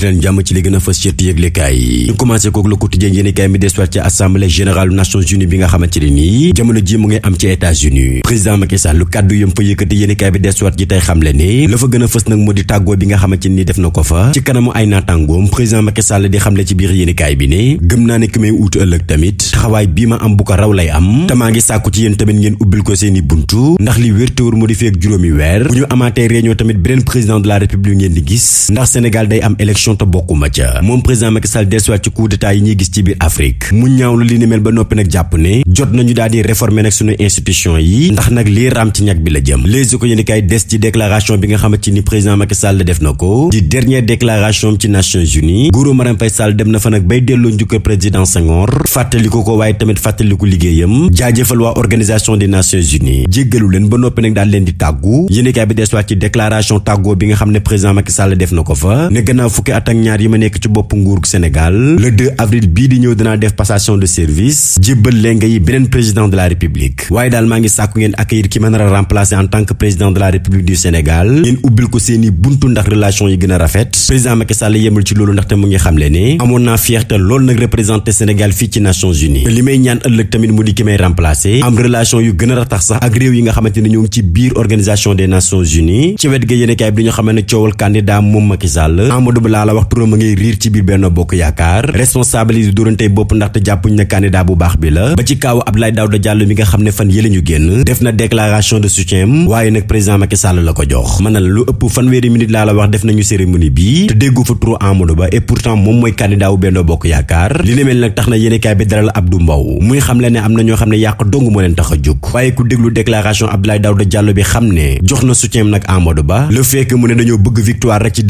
leen la fa gën a fës nag moo di tàggoo bi nga xamante ne nii def na ko fa ci kanamu ay naatàngoom président Macky Sall di xamle ci biir yéenekaay bi ne gëm naa ne ki may uutu ëllëg tamit taxawaay bii ma am bu ko raw lay am te maa ngi sàkku ci yéen tamit ngeen ubbil ko seeni buntu ndax li wér moo di fekk juróomi weer bu ñu amaatee réunion tamit beneen président de la république ngeen di gis ndax Sénégal day am élection te bokkuma ca moom président Macky Sall dellusiwaat ci coup d'état yi ñuy gis ci biir Afrique mu ñaawlu li ni mel ba noppi nag jàpp ne jot nañu daal di réformer nag suñu institution yi ndax nag lii raam ci ñag bi la jëm les ci déclaration bi nga xamante ni président Macky Sall def na ko di dernière déclaration ci Nations Unies guru Marème Faye Sall dem na fa nag bay delloo njukkal président Senghor fàttaliku ko waaye tamit fàttaliku liggéeyam jaajëfal leen ba noppi nag daal leen di tàggu yéenekaay bi des waat ci déclaration tàggoo bi nga xam ne président Macky Sall def na ko fa ne gannaaw fukki fukki at ak ñaar yi ma nekk ci bopp nguurug Sénégal le 2 avril bii di ñëw dinaa def passation de service jébbal lenge yi beneen président de la république waaye daal maa ngi sàkku ngeen accueillir ki ma nar a remplacer en tant que président de la république du Sénégal ngeen ubbil ko seeni buntu ndax relation yi gën a rafet président Macky Sall yemul ci loolu ndaxte mu ngi xamle ne amoon naa fierté loolu nag représenté Sénégal fii ci Nations Unies li may naa la wax turam a ngay riir ci biir benn bokk yaakaar responsable yi di dóorantey bopp ndaxte bu baax bi la ba ci kaawu Abdoulaye Daouda Diallo nga xam ne fan yële ñu génn def na déclaration de soutien waaye nag président Macky Sall la ko jox mën na la lu ëpp fanweeri minute laa la wax def nañu cérémonie bi te déggu fa turu Amadou Ba et pourtant moom mooy candidat wu Benno Bokk Yaakaar li ne mel nag tax na yéenekaay bi dalal Abdou Mbow muy xam ne am na ñoo xam ne yàq dong moo leen tax a jóg waaye ku déglu déclaration Abdoulaye Daouda Diallo bi xam ne jox na soutien nag Amadou Ba le fait mu ne dañoo bëgg victoire rek ci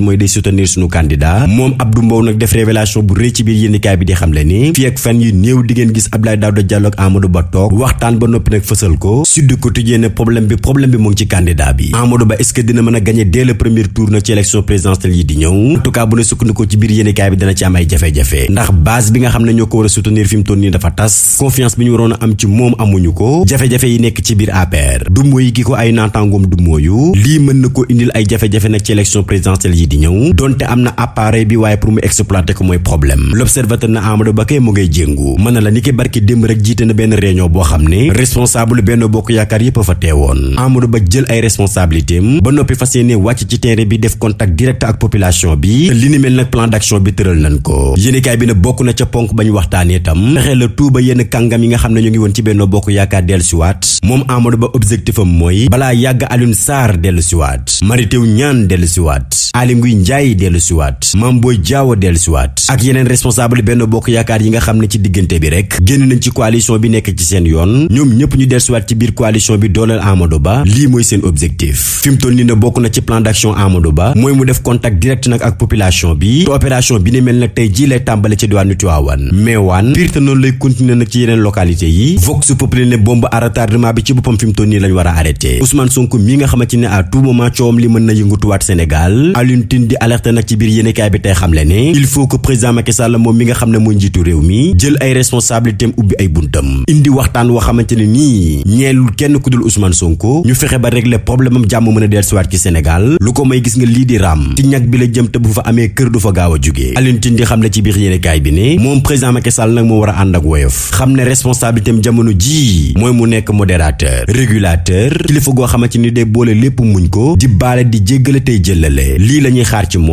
mooy day soutien retenir sunu candidat moom Abdou Mbow nag def révélation bu rëy ci biir yéenekaay bi di xam le ni fi ak fan yi néew di ngeen gis Abdoulaye Daouda Diallo ak Amadou Ba toog waxtaan ba noppi nag fësal ko Sud Quotidien ne problème bi problème bi mu ngi ci candidat bi Amadou Ba est dina mën a gagner dès le premier tour na ci élection présidentielle yi di ñëw en bu ne sukkandikoo ci biir yéenekaay bi dana ci am ay jafe-jafe ndax base bi nga xam ne ñoo ko war fi mu toll nii dafa tas confiance ñu waroon a am ci moom nekk biir APR ko ay naataangoom du mooyu lii mën na ko indil ay jafe-jafe nag ci élection présidentielle yi di ñëw donte am na appareil bi waaye pour mu exploiter ko mooy problème l'observateur na Amadou Ba kay mu ngay jéngu mën na la ni ki barki démb rek jiite na benn réunion boo xam ne responsable benn bokk yaakaar yépp fa teewoon Amadou Ba jël ay responsabilité am ba noppi fas yéene wàcc ci terrain bi def contact direct ak population bi li ni mel nag plan d'action bi tëral nañ ko yéenekaay bi na bokk na ca ponk bañ waxtaanee tam fexe la tuuba yenn kàngam yi nga xam ne ñu ngi woon ci benn bokk yaakaar dellusiwaat moom Amadou Ba objectif am mooy balaa yàgg Alioune Sarr dellusiwaat Mary Teuw Niane dellusiwaat Aly Ngouille Ndiaye Gueye dellu siwaat Mame Boye Diao dellu siwaat ak yeneen responsable Benno Bokk Yaakaar yi nga xam ne ci diggante bi rek génn nañ ci coalition bi nekk ci seen yoon ñoom ñëpp ñu dellu siwaat ci biir coalition bi dooleel Amadou Ba lii mooy seen objectif fi mu nii na bokk na ci plan d'action Amadou Ba mooy mu def contact direct nag ak population bi te opération bi ni mel na tey jii lay tàmbale ci diwaanu Tivaouane Meouane Pire te noonu lay continuer nag ci yeneen localité yi Vox po ne bombe à retardement bi ci boppam fi mu toll nii lañ war na yëngutuwaat Sénégal Alioune Tine di ndaxte nag ci biir yéenekaay bi tey xamle ne il faut que président Macky Sall moom mi ne mooy njiitu réew mi jël ay responsabilités ay buntam indi waxtaan woo xamante ne nii ñeelul kenn ku dul Ousmane Sonko ñu fexe ba régler problème am jàmm mën a dellusiwaat ci Sénégal lu ko may gis nga lii di raam ci ñag bi la jëm te bu fa amee kër du fa gaaw a jugee Alioune Tine di xamle ci biir yéenekaay bi ne moom président Macky Sall nag moo war a ànd ak woyof xam ne responsabilité jamono jii mooy mu nekk modérateur régulateur kilifa goo xamante ni day boole lépp muñ ko di baale di jéggale tey jëlale lii la ñuy xaar ci moom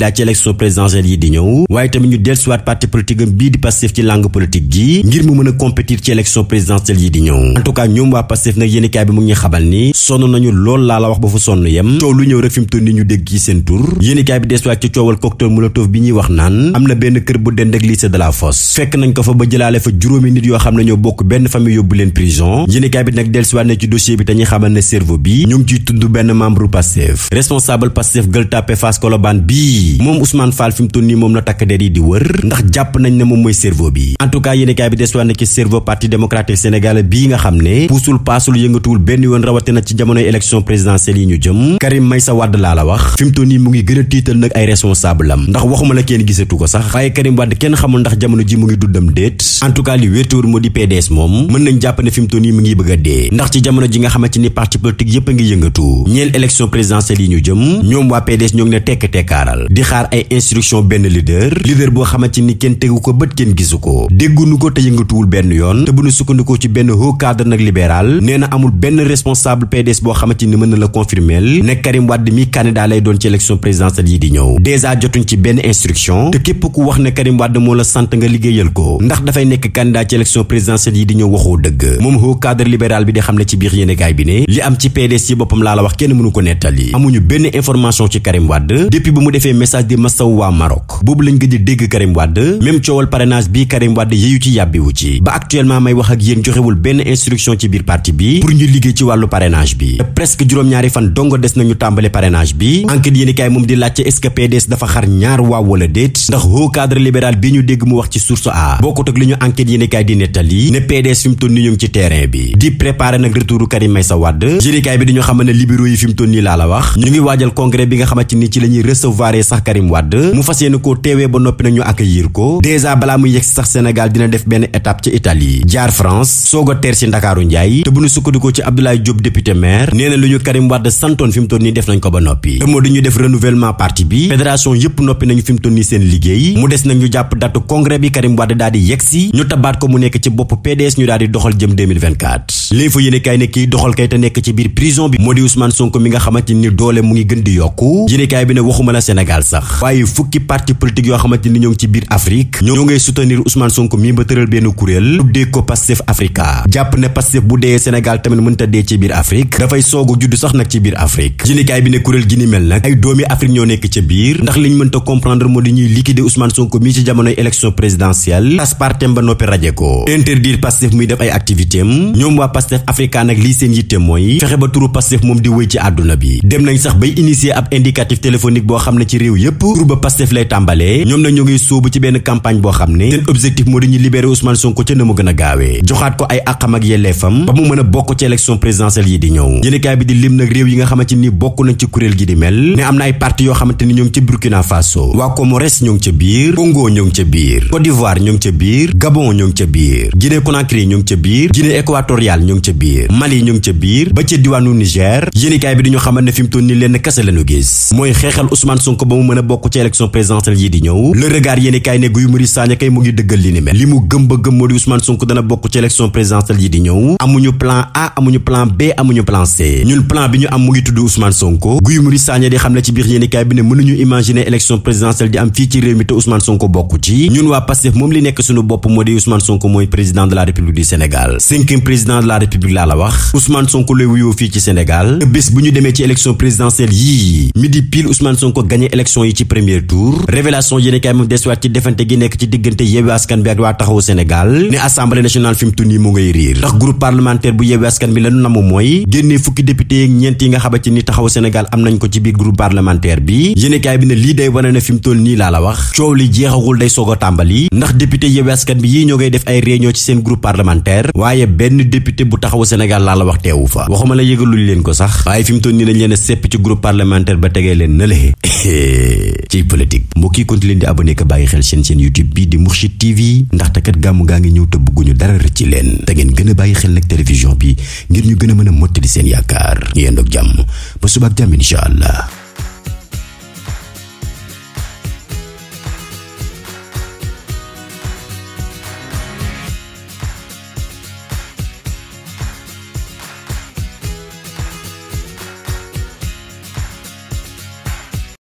candidat ci élection présidentielle yi di ñëw waaye tamit ñu dellusiwaat parti politique am bii di Pastef ci langue politique gi ngir mu mën a compétir ci élection présidentielle yi di ñëw en ñoom waa Pastef nag yéenekaay bi mu ngi xabal ni sonn nañu lool laa la wax ba fu sonn yem coow lu ñëw rek fi mu ñu dégg ci seen tur yéenekaay bi dellusiwaat ci coowal cocktail molotov bi ñuy wax naan am na benn kër bu dend ak lycée de la Fosse fekk nañ yi moom Ousmane Fall fi mu toll nii moom la takk der yi di wër ndax jàpp nañ ne moom mooy cerveau bi en tout cas yéeni kaay bi des waat na ci cerveau parti démocratique sénégalais bii nga xam ne puusul paasul yëngatuwul benn yoon rawatina ci jamonoy élection présidentielle yi ñu jëm ngi gën a ay responsable am ndax waxuma la kenn gisatu ko sax waaye Karim Wade ndax jamono ji mu ngi duddam déet en tout cas li ne fi mu toll nii mu ngi bëgg ndax ci ji nga xamante ni a ngi yëngatu ñeel élection présidentielle yi ñu jëm ñoom waa PDS ñoo ngi ne tekk tekkaaral di xaar ay instruction benn leader leader boo xamante ni kenn tegu ko bët kenn gisu ko déggunu ko te yëngatuwul benn yoon te bu ñu sukkandikoo ci benn haut cadre nag libéral nee na amul benn responsable PDS boo xamante ni mën na la confirmeel ne Karim Wade mi candidat lay doon ci élection présidentielle yi di ñëw dèjà jotuñ ci benn instruction te képp ku wax ne Karim Wade moo la sant nga liggéeyal ko ndax dafay nekk candidat ci élection présidentielle yi di ñëw waxoo dëgg moom haut cadre libéral bi di xam ne ci biir yéene bi ne li am ci ko nettali amuñu benn message di masaw waa Maroc boobu lañ gëj a dégg Karim Wade même coowal parrainage bi Karim Wade yeeyu ci yàbbiwu ci ba actuellement may wax ak yéen joxewul benn instruction ci biir parti bi pour ñu liggéey ci wàllu parrainage bi presque juróom-ñaari fan dongo des nañu tàmbale parrainage bi enquête yéen moom di laajte est dafa xar ñaar waaw wala déet ndax haut cadre libéral bi ñu dégg mu wax ci source a bokkut ak li ñu enquête yéen di nettali sax Karim Wade mu fas yéene koo teewee ba noppi nañu ñu accueillir ko dèjà balaa muy yegg sax Sénégal dina def benn étape ci Italie jaar France soo a teer si Ndakaaru Njaay te bu ñu sukkandikoo ci Abdoulaye Diop député maire nee na lu ñu Karim Wade santoon fi mu toll nii def nañ ko ba noppi te moo di ñu def renouvellement parti bi fédération yëpp noppi nañu fi mu toll nii seen liggéey mu des nag ñu jàpp datu congrès bi Karim Wade daal di yegg si ñu tabaat ko mu nekk ci bopp PDS ñu daal di doxal jëm 2024 léegi fa yéenekaay ne kii doxal kay te nekk ci biir prison bi moo di Ousmane Sonko mi nga xamante ni doole mu ngi gën di yokku yéenekaay bi ne waxuma la Sénégal sax waaye fukki parti politique yoo xamante ni ñoo ngi ci biir Afrique ñoo ngay soutenir Ousmane Sonko mi ba tëral benn kuréel tuddee ko Pastef Africa jàpp ne Pastef bu dee Sénégal tamit mënta dee ci biir Afrique dafay soogu judd sax nag ci biir Afrique yéenekaay bi ne kuréel gi ni mel nag ay doomi Afrique Pastef africain nag lii seen yitte mooy fexe ba turu Pastef moom di wëy ci àdduna bi dem nañ sax bay initier ab indicatif téléphonique boo xam ne ci réew yépp turu ba Pastef lay tàmbalee ñoom na ñoo ngiy sóobu ci benn campagne boo xam ne seen objectif moo dañuy libérer Ousmane Sonko ca na mu gën a gaawee joxaat ko ay àqam ak yelleefam ba mu mën a bokk ci élection présidentielle yi di ñëw yéenekaay bi di lim nag réew yi nga xamante ni bokk nañ ci kuréel gi di mel ne am yoo xamante ni ñoo ngi ca Burkina Faso waa Comores ñoo ngi ca biir Congo ñoo ngi ca biir Côte d'Ivoire ñoo ngi ca biir Gabon ñoo ngi ca biir ñu ngi ca biir Mali ñu ngi ca biir ba ca diwaanu Niger yéenikaay bi di ñu ne fi mu toll lenn kese lañu gis mooy xeexal Ousmane Sonko ba mu mën a bokk ci élection présidentielle yi di ñëw le regard ne Guy Marius Sagna kay mu ngi dëggal li li mu gëm ba gëm moo di Ousmane Sonko dana bokk ci élection présidentielle yi di ñëw amuñu plan A amuñu plan B amuñu plan C ñun plan bi ñu am mu ngi tudd Ousmane Sonko Guy Marius Sagna di xam ne ci biir yéenikaay bi ne république laa la wax Ousmane Sonko lay wuyoo fii ci Sénégal bés bu ñu demee ci élection présidentielle yii midi pile Ousmane Sonko gagné élection yi ci premier tour révélation yéene kaay moom desuwaat ci defante gi nekk ci diggante Yewwi Askan bi ak waa Taxawu Sénégal ne assemblée nationale fi mu tudd mu ngay riir ndax groupe parlementaire bu Yewwi Askan bi lanu namu mooy génnee fukki député yeeg ñeent yi nga ni Taxawu Sénégal am nañ ko ci bu taxawu Sénégal laa la wax teewu fa waxuma la yëgaluñ leen ko sax waaye fi mu toll nii dañ leen a sepp ci groupe parlementaire ba tegee leen na lee ci politique mbokki continue leen di abonné ko bàyyi xel seen seen YouTube bii di Mourchid TV ndaxte kat gàmmu gaa ngi ñëw te bëgguñu dara rëcc ci leen te gën a bàyyi xel nag télévision bi ngir ñu gën a mën a mottali seen yaakaar ñu yendoog jàmm ba subaak jàmm incha allah